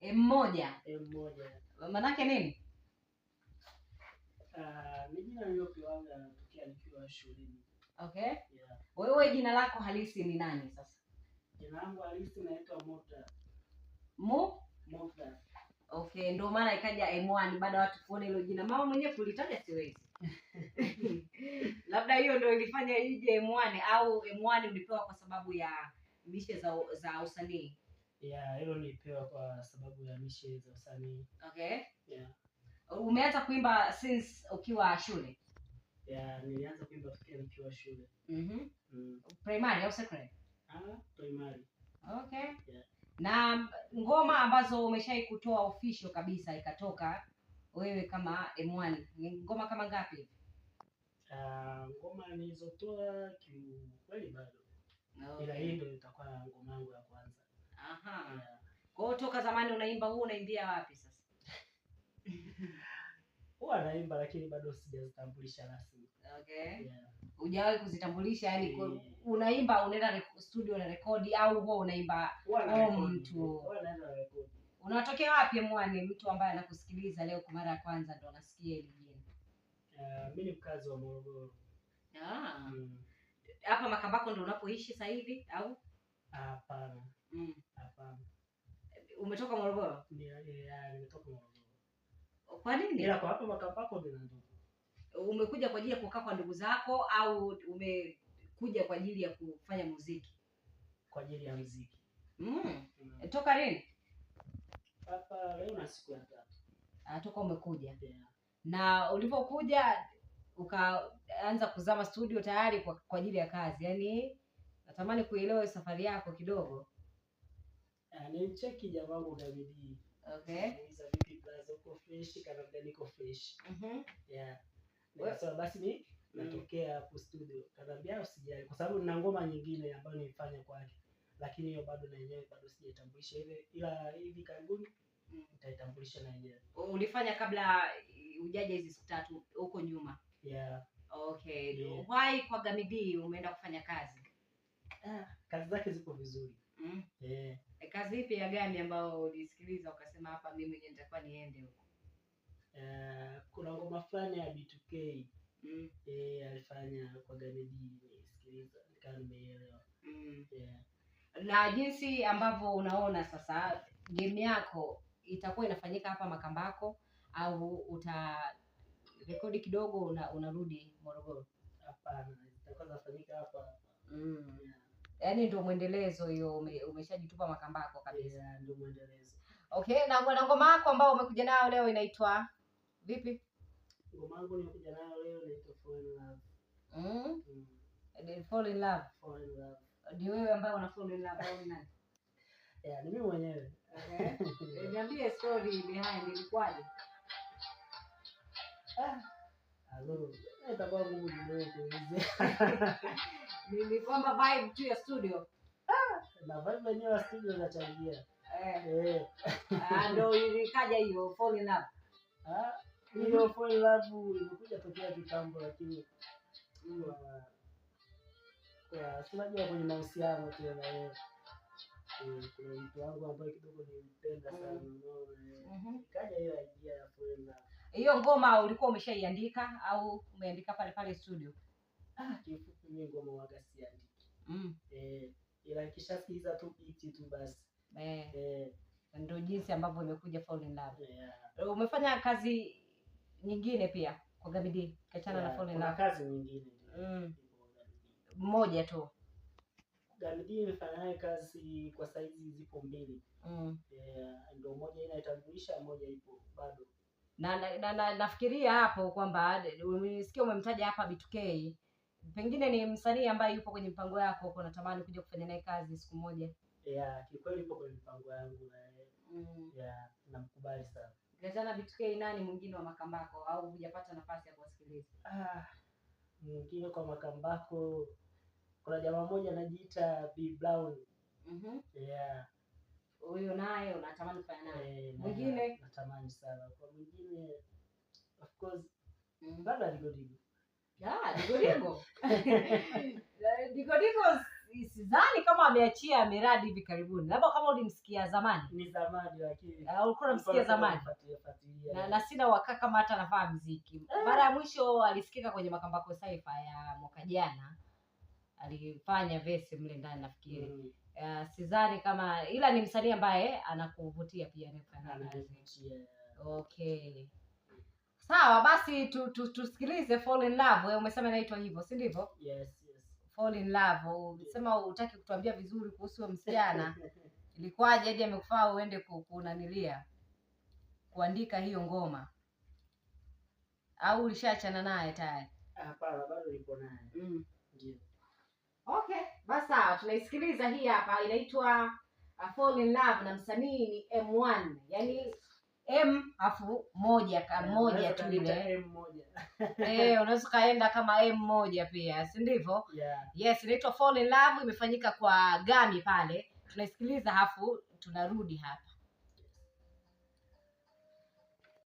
elfu moja elfu moja maanake nini? Ah, okay. Yeah. Wewe jina lako halisi ni nani sasa? Jina langu halisi naitwa Mota. Mo? Mota. Okay, ndio maana ikaja M1 baada ya watu kuona hilo jina. Mama mwenyewe kulitaja siwezi. Labda hiyo ndio ilifanya ije M1 au M1 ulipewa kwa sababu ya mishe za za usanii. Yeah, hilo nilipewa kwa sababu ya mishe za usanii. Okay. Yeah. Umeanza kuimba since ukiwa shule? Yeah, nilianza kuimba tukia nikiwa shule. Mhm. Mm mm. Primary au secondary? Ah, primary. Okay. Yeah. Na ngoma ambazo umeshai kutoa official kabisa ikatoka wewe kama M1 ni ngoma kama ngapi hivi? Uh, ah, ngoma nilizotoa kiukweli bado. Okay. Ila hii ndio itakuwa toka zamani unaimba huu unaimbia wapi sasa? Huwa naimba lakini bado sijazitambulisha rasmi. Okay. Yeah. Ujawahi kuzitambulisha yani yeah. Unaimba unaenda studio na rekodi au huwa unaimba home mtu? Unatokea wapi mwani, mtu ambaye anakusikiliza leo kwa mara ya kwanza ndo anasikia hili jina? Uh, mimi ni mkazi wa Morogoro. Ah. Mm. Hapa Makambako ndo unapoishi sasa hivi au? Hapana. Mm. Hapana. Umetoka Morogoro? Kwa nini? Ila kwa hapo makapako ndio ndugu. Umekuja kwa ajili ya kukaa kwa ndugu zako au umekuja kwa ajili ya kufanya muziki? Kwa ajili ya muziki. Mm. Mm. Toka lini? Hapa leo na siku ya tatu. Ah, toka umekuja. Yeah. Na ulipokuja ukaanza kuzama studio tayari kwa, kwa ajili ya kazi. Yaani natamani kuelewa safari yako kidogo. Ah, Nimcheki jamangu wangu David. Okay. vipi blaza uko fresh kana mda niko fresh. Mm-hmm. Nikasema basi ni mm. natokea hapo studio. Kanaambia usijali kwa sababu nina ngoma nyingine ambayo nilifanya kwake. Lakini hiyo bado na yenyewe bado sijaitambulisha ile ila hivi karibuni mm. nitaitambulisha na yenyewe. Ulifanya kabla ujaja hizi siku tatu huko nyuma. Yeah. Okay. Yeah. Why kwa Gamidi umeenda kufanya kazi? Ah, kazi zake ziko vizuri. Mm. Yeah kazi ipi ya gani ambayo ulisikiliza ukasema hapa mimi mwenyewe nitakuwa niende huko? Uh, kuna ngoma fulani ya B2K mm. E, alifanya kwa gameji nisikiliza, nikawa nimeelewa mm. yeah. Na jinsi ambavyo unaona sasa game yako itakuwa inafanyika hapa Makambako au uta rekodi kidogo unarudi una Morogoro? Hapana, itakuwa inafanyika hapa mm. yeah yaani ndio mwendelezo hiyo, umeshajitupa makambako kabisa. Yeah, ndio mwendelezo. Okay, na na ngoma yako ambayo umekuja nayo leo inaitwa vipi? Ngoma yangu nimekuja nayo leo inaitwa Fall in Love. Mm? Mm. Fall in Love. Fall in Love. Ni wewe ambaye una fall in love au nani? Yeah, ni mimi mwenyewe. Okay. Eh? Niambie story behind ilikuwaje? Ah. Hello. Ni kwamba vibe tu ya studio. Ah, na vibe yenyewe ya studio inachangia. Eh. eh. Ah, ndio ilikaja hiyo fall in Ah, hiyo mhm. fall in ilikuja tokea kitambo lakini tunajua mhm. kwenye mahusiano pia na wewe. Eh. Eh, kuna mtu wangu ambaye kidogo nilimpenda mhm. sana. Kaja hiyo hiyo ngoma ulikuwa umeshaiandika au umeandika pale pale studio? Ah, kifupi mimi ngoma waga siandiki. Mm. Eh, ila kisha nikishasikiza tu beat tu basi. Eh. eh. Ndio jinsi ambavyo imekuja Fall in Love. Yeah. Umefanya kazi nyingine pia kwa Gabidi kachana yeah, na Fall in Love. kazi nyingine. Mm. Moja tu. Gabidi nimefanya naye kazi kwa saizi zipo mbili. Mm. Eh, yeah, ndio moja inatambulisha, moja ipo bado na, na, na, na nafikiria hapo kwamba umesikia umemtaja hapa B2K, pengine ni msanii ambaye yupo kwenye mpango yako, uko natamani kuja kufanya naye kazi siku moja? Yeah, kikweli yupo kwenye mpango yangu na yeah, mm. namkubali sana. Gazana B2K, nani mwingine wa Makambako au hujapata nafasi ya kuwasikiliza? Ah, mwingine kwa Makambako kuna jamaa mmoja anajiita B Brown. mm mm-hmm. yeah naye unatamani kufanya naye eh, mwingine. Natamani sana kwa mwingine, of course, mm. bado aligodigo digodigo digodigo eh, sidhani kama ameachia miradi hivi karibuni, labda kama ulimsikia zamani. Ni zamani lakini ah, ulikuwa unamsikia zamani, na, na sina uhakika kama hata anafanya muziki. Eh. Mara ya mwisho alisikika kwenye Makambako Saifa ya mwaka jana alifanya vesi mle ndani nafikiri mm. Uh, sidhani kama ila ni msanii ambaye anakuvutia pia Okay, sawa basi, tu, tu, tusikilize Fall in Love. Wewe umesema inaitwa hivyo, si ndivyo? Yes, yes. Fall in Love. Umesema yes. Utaki kutuambia vizuri kuhusu msichana ilikuwaje hadi amekufaa uende kunanilia kuandika hiyo ngoma, au ulishaachana naye tayari? Hapana, bado niko naye mm. Okay, basi sawa, tunaisikiliza hii hapa, inaitwa uh, Fall in Love na msanii ni M1, yani M afu moja ka eh, moja tu ile eh, unaweza ukaenda kama M moja pia, si ndivyo? Yeah. Yes, inaitwa Fall in Love, imefanyika kwa Gami pale, tunaisikiliza hafu tunarudi hapa.